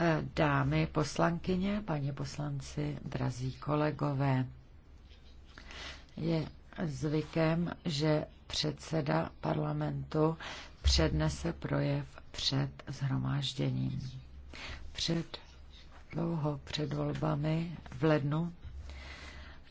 Eh, dámy poslankyně, paní poslanci, drazí kolegové, je zvykem, že předseda parlamentu přednese projev před zhromážděním. Před dlouho před volbami v lednu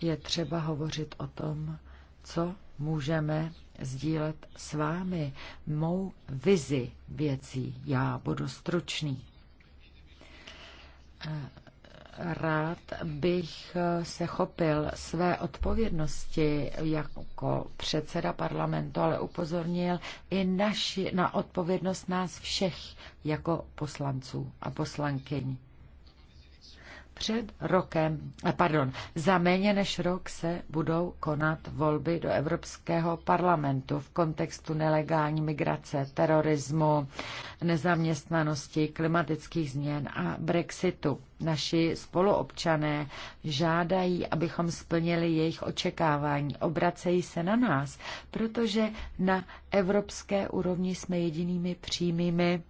je třeba hovořit o tom, co můžeme sdílet s vámi mou vizi věcí. Já budu stručný. Eh, rád bych eh, se chopil své odpovědnosti jako předseda parlamentu, ale upozornil i naši, na odpovědnost nás všech jako poslanců a poslankyní. Před rokem, eh, pardon, za méně než rok se budou konat volby do Evropského parlamentu v kontextu nelegální migrace, terorismu, nezaměstnanosti, klimatických změn a Brexitu. Naši spoluobčané žádají, abychom splnili jejich očekávání. Obracejí se na nás, protože na evropské úrovni jsme jedinými přímými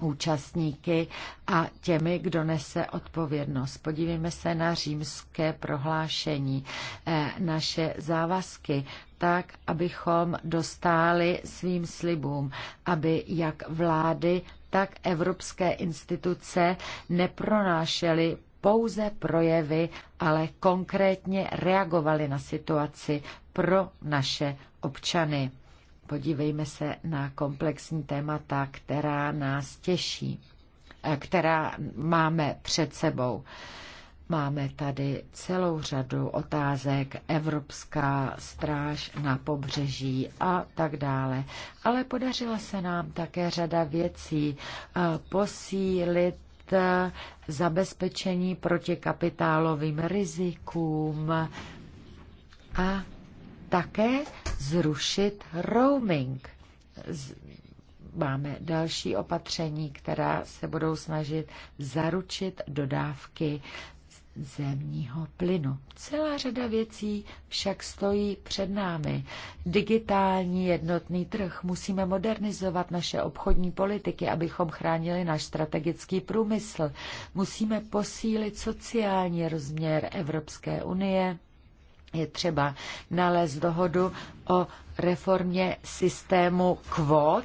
účastníky a těmi, kdo nese odpovědnost. Podívejme se na římské prohlášení, eh, naše závazky, tak, abychom dostáli svým slibům, aby jak vlády, tak evropské instituce nepronášely pouze projevy, ale konkrétně reagovali na situaci pro naše občany podívejme se na komplexní témata, která nás těší, eh, která máme před sebou. Máme tady celou řadu otázek, Evropská stráž na pobřeží a tak dále. Ale podařila se nám také řada věcí eh, posílit eh, zabezpečení proti kapitálovým rizikům a také zrušit roaming. Máme další opatření, která se budou snažit zaručit dodávky zemního plynu. Celá řada věcí však stojí před námi. Digitální jednotný trh musíme modernizovat naše obchodní politiky, abychom chránili náš strategický průmysl. Musíme posílit sociální rozměr Evropské unie je třeba nalézt dohodu o reformě systému kvót,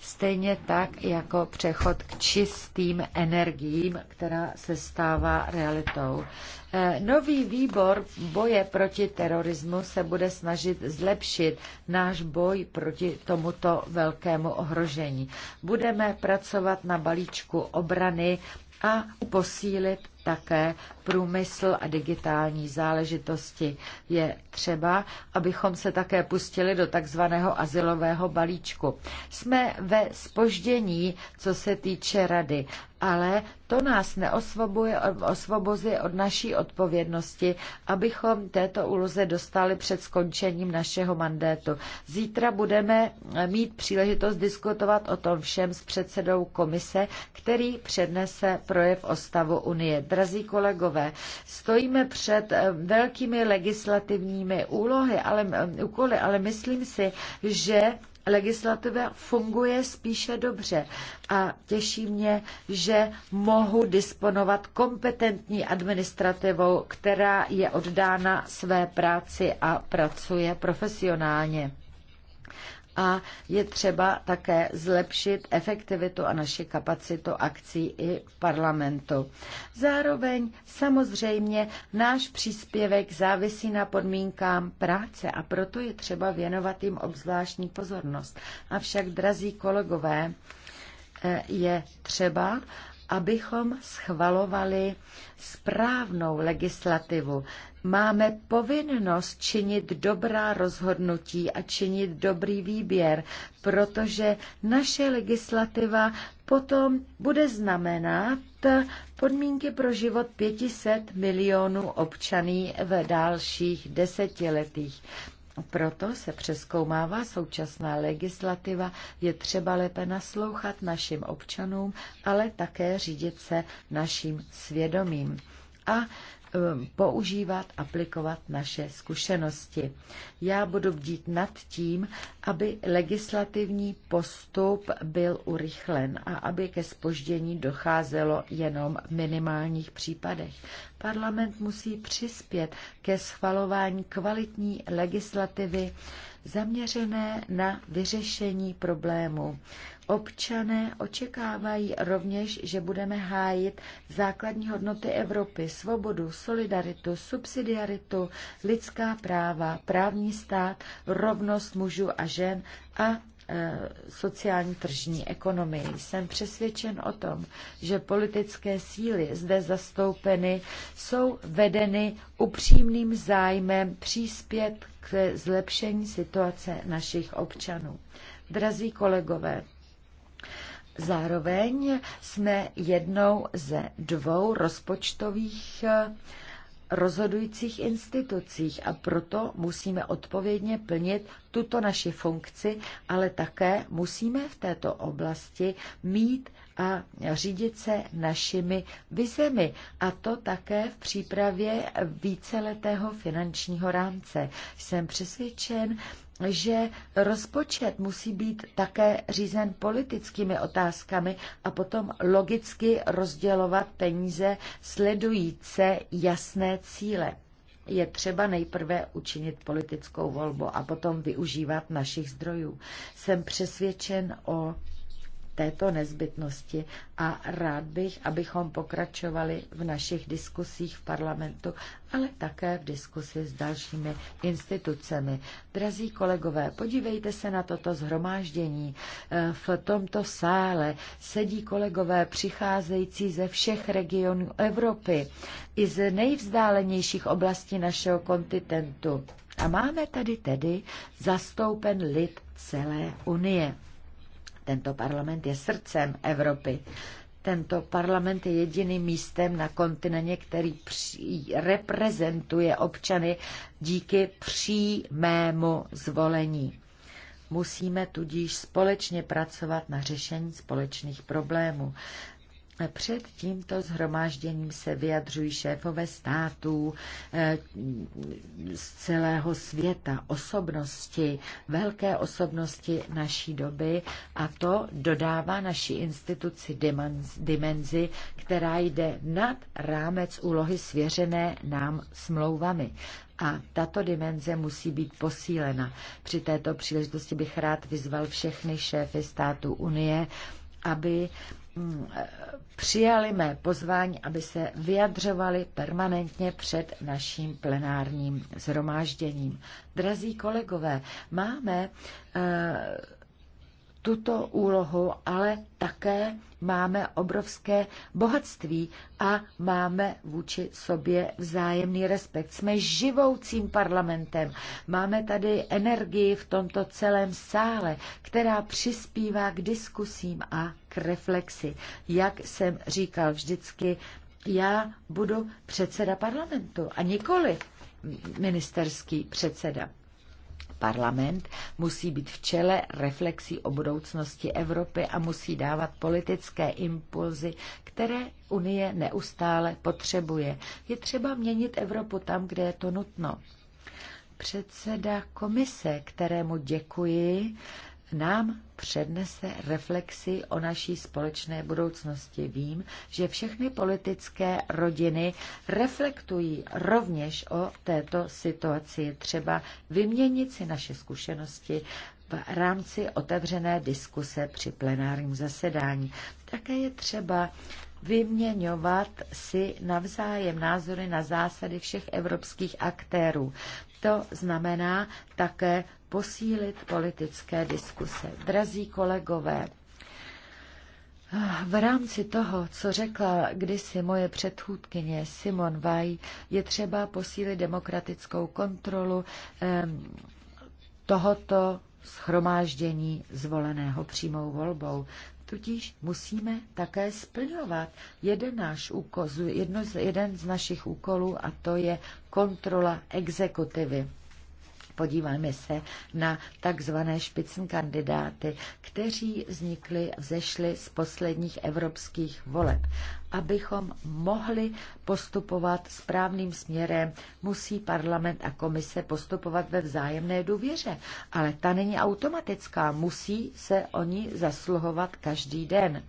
stejně tak jako přechod k čistým energiím, která se stává realitou. E, nový výbor boje proti terorismu se bude snažit zlepšit náš boj proti tomuto velkému ohrožení. Budeme pracovat na balíčku obrany a posílit také průmysl a digitální záležitosti. Je třeba, abychom se také pustili do takzvaného asilového balíčku. Jsme ve spoždění, co se týče rady, ale to nás neosvobozuje od naší odpovědnosti, abychom této úloze dostali před skončením našeho mandátu. Zítra budeme mít příležitost diskutovat o tom všem s předsedou komise, který přednese projev o stavu Unie. Drazí kolegové, stojíme před eh, velkými legislativními úlohy, ale, eh, úkoly, ale myslím si, že legislativa funguje spíše dobře a těší mě, že mohu disponovat kompetentní administrativou, která je oddána své práci a pracuje profesionálně a je třeba také zlepšit efektivitu a naši kapacitu akcí i v parlamentu. Zároveň samozřejmě náš příspěvek závisí na podmínkám práce a proto je třeba věnovat jim obzvláštní pozornost. Avšak, drazí kolegové, eh, je třeba, abychom schvalovali správnou legislativu. Máme povinnost činit dobrá rozhodnutí a činit dobrý výběr, protože naše legislativa potom bude znamenat podmínky pro život 500 milionů občaný v dalších desetiletích. Proto se přeskoumává současná legislativa, je třeba lépe naslouchat našim občanům, ale také řídit se naším svědomím. A Um, používat, aplikovat naše zkušenosti. Já budu bdít nad tím, aby legislativní postup byl urychlen a aby ke spoždění docházelo jenom v minimálních případech. Parlament musí přispět ke schvalování kvalitní legislativy, zaměřené na vyřešení problému. Občané očekávají rovněž, že budeme hájit základní hodnoty Evropy, svobodu, solidaritu, subsidiaritu, lidská práva, právní stát, rovnost mužů a žen a Eh, sociální tržní ekonomii. Jsem přesvědčen o tom, že politické síly zde zastoupeny jsou vedeny upřímným zájmem příspět k zlepšení situace našich občanů. Drazí kolegové, zároveň jsme jednou ze dvou rozpočtových rozhodujících institucích a proto musíme odpovědně plnit tuto naši funkci, ale také musíme v této oblasti mít a řídit se našimi vizemi. A to také v přípravě víceletého finančního rámce. Jsem přesvědčen, že rozpočet musí být také řízen politickými otázkami a potom logicky rozdělovat peníze sledujíce jasné cíle. Je třeba nejprve učinit politickou volbu a potom využívat našich zdrojů. Jsem přesvědčen o této nezbytnosti a rád bych, abychom pokračovali v našich diskusích v parlamentu, ale také v diskusi s dalšími institucemi. Drazí kolegové, podívejte se na toto zhromáždění. Eh, v tomto sále sedí kolegové přicházející ze všech regionů Evropy i z nejvzdálenějších oblastí našeho kontinentu. A máme tady tedy zastoupen lid celé Unie. Tento parlament je srdcem Evropy. Tento parlament je jediným místem na kontinentě, který při, reprezentuje občany díky přímému zvolení. Musíme tudíž společně pracovat na řešení společných problémů. Před tímto zhromážděním se vyjadřují šéfové států eh, z celého světa, osobnosti, velké osobnosti naší doby a to dodává naší instituci dimenzi, která jde nad rámec úlohy svěřené nám smlouvami a tato dimenze musí být posílena. Při této příležitosti bych rád vyzval všechny šéfy států Unie, aby Mm, eh, přijali mé pozvání, aby se vyjadřovali permanentně před naším plenárním zhromážděním. Drazí kolegové, máme eh, tuto úlohu, ale také máme obrovské bohatství a máme vůči sobě vzájemný respekt. Jsme živoucím parlamentem. Máme tady energii v tomto celém sále, která přispívá k diskusím a k reflexi. Jak jsem říkal vždycky, já budu předseda parlamentu a nikoli ministerský předseda. Parlament musí být v čele reflexí o budoucnosti Evropy a musí dávat politické impulzy, které Unie neustále potřebuje. Je třeba měnit Evropu tam, kde je to nutno. Předseda komise, kterému děkuji, nám přednese reflexi o naší společné budoucnosti. Vím, že všechny politické rodiny reflektují rovněž o této situaci. Třeba vyměnit si naše zkušenosti v rámci otevřené diskuse při plenárním zasedání. Také je třeba vyměňovat si navzájem názory na zásady všech evropských aktérů. To znamená také posílit politické diskuse. Drazí kolegové, v rámci toho, co řekla kdysi moje předchůdkyně Simon Vaj je třeba posílit demokratickou kontrolu tohoto schromáždění zvoleného přímou volbou. Tudíž musíme také splňovat jeden náš úkol, jedno z, jeden z našich úkolů a to je kontrola exekutivy podíváme se na takzvané špicn kandidáty, kteří vznikli, vzešli z posledních evropských voleb. Abychom mohli postupovat správným směrem, musí parlament a komise postupovat ve vzájemné důvěře. Ale ta není automatická, musí se oni zasluhovat každý den.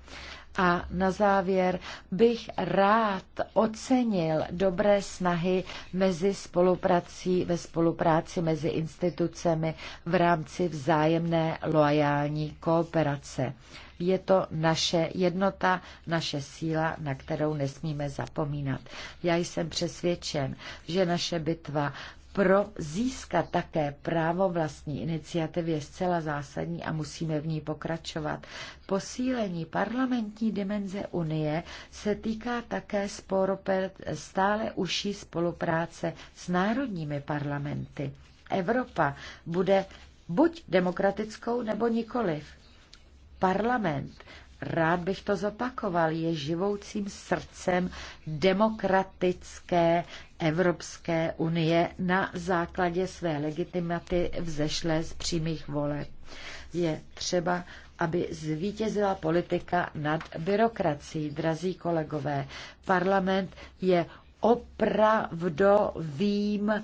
A na závěr bych rád ocenil dobré snahy mezi spoluprací, ve spolupráci mezi institucemi v rámci vzájemné loajální kooperace. Je to naše jednota, naše síla, na kterou nesmíme zapomínat. Já jsem přesvědčen, že naše bitva pro získat také právo vlastní iniciativy je zcela zásadní a musíme v ní pokračovat. Posílení parlamentní dimenze Unie se týká také stále užší spolupráce s národními parlamenty. Evropa bude buď demokratickou nebo nikoliv. Parlament rád bych to zopakoval, je živoucím srdcem demokratické Evropské unie na základě své legitimaty vzešlé z přímých voleb. Je třeba, aby zvítězila politika nad byrokracií, drazí kolegové. Parlament je opravdovým eh,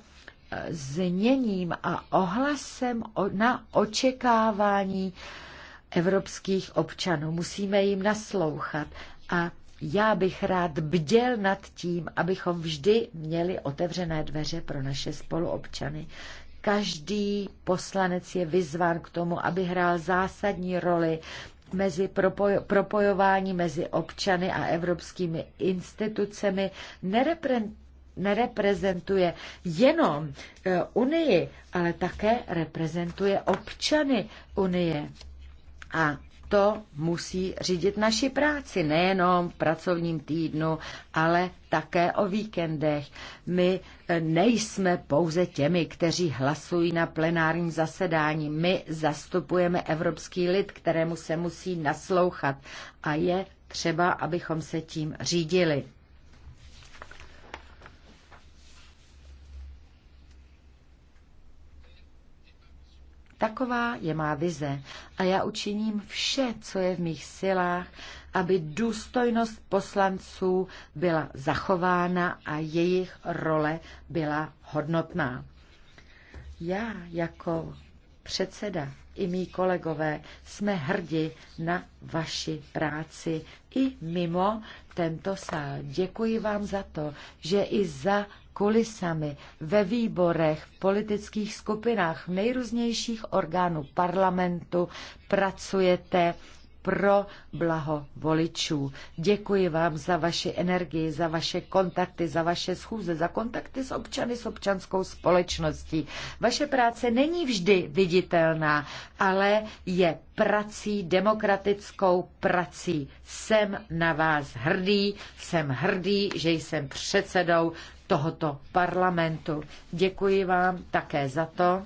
zněním a ohlasem na očekávání evropských občanů. Musíme jim naslouchat a já bych rád bděl nad tím, abychom vždy měli otevřené dveře pro naše spoluobčany. Každý poslanec je vyzván k tomu, aby hrál zásadní roli mezi propoj- propojování mezi občany a evropskými institucemi nerepre- nereprezentuje jenom eh, Unii, ale také reprezentuje občany Unie. A to musí řídit naši práci, nejenom v pracovním týdnu, ale také o víkendech. My eh, nejsme pouze těmi, kteří hlasují na plenárním zasedání. My zastupujeme evropský lid, kterému se musí naslouchat a je třeba, abychom se tím řídili. Taková je má vize a já učiním vše, co je v mých silách, aby důstojnost poslanců byla zachována a jejich role byla hodnotná. Já jako předseda i mý kolegové, jsme hrdi na vaši práci i mimo tento sál. Děkuji vám za to, že i za kulisami, ve výborech, v politických skupinách, v nejrůznějších orgánů parlamentu pracujete pro blaho voličů. Děkuji vám za vaši energii, za vaše kontakty, za vaše schůze, za kontakty s občany, s občanskou společností. Vaše práce není vždy viditelná, ale je prací, demokratickou prací. Jsem na vás hrdý, jsem hrdý, že jsem předsedou tohoto parlamentu. Děkuji vám také za to,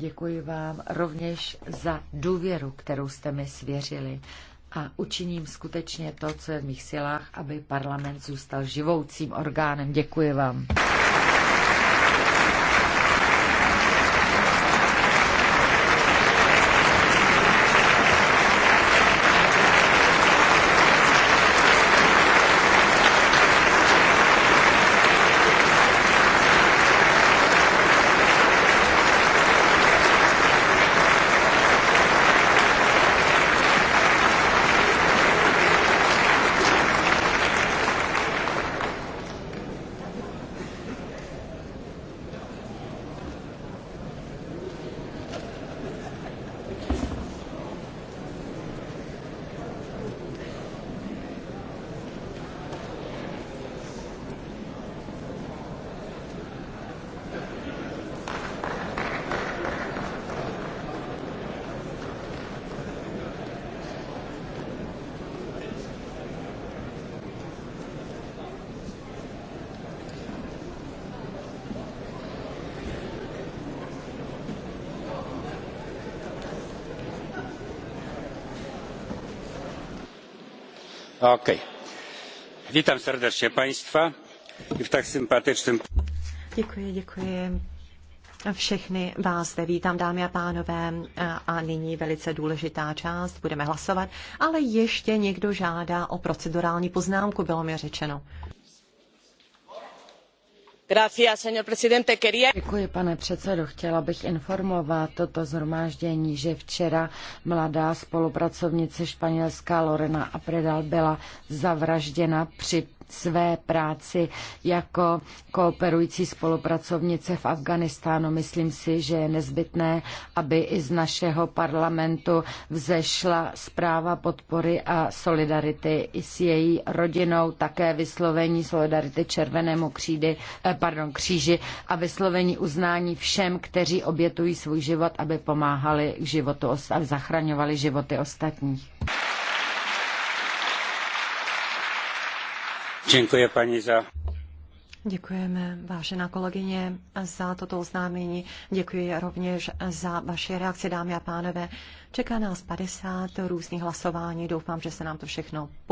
Děkuji vám rovněž za důvěru, kterou jste mi svěřili a učiním skutečně to, co je v mých silách, aby parlament zůstal živoucím orgánem. Děkuji vám. Vítám srdečně państwa i v tak sympatycznym. Děkuji, děkuji. Všechny vás zde vítám, dámy a pánové, a nyní velice důležitá část, budeme hlasovat, ale ještě někdo žádá o procedurální poznámku, bylo mi řečeno. Děkuji, pane předsedo. Chtěla bych informovat toto shromáždění že včera mladá spolupracovnice španělská Lorena aprilová byla zavražděna při své práci jako kooperující spolupracovnice v Afganistánu. Myslím si, že je nezbytné, aby i z našeho parlamentu vzešla zpráva podpory a solidarity i s její rodinou, také vyslovení solidarity Červenému křídy, eh, pardon, kříži a vyslovení uznání všem, kteří obětují svůj život, aby pomáhali k životu a zachraňovali životy ostatních. Děkuji za. Děkujeme, vážená kolegyně, za toto oznámení. Děkuji rovněž za vaše reakci, dámy a pánové. Čeká nás 50 různých hlasování. Doufám, že se nám to všechno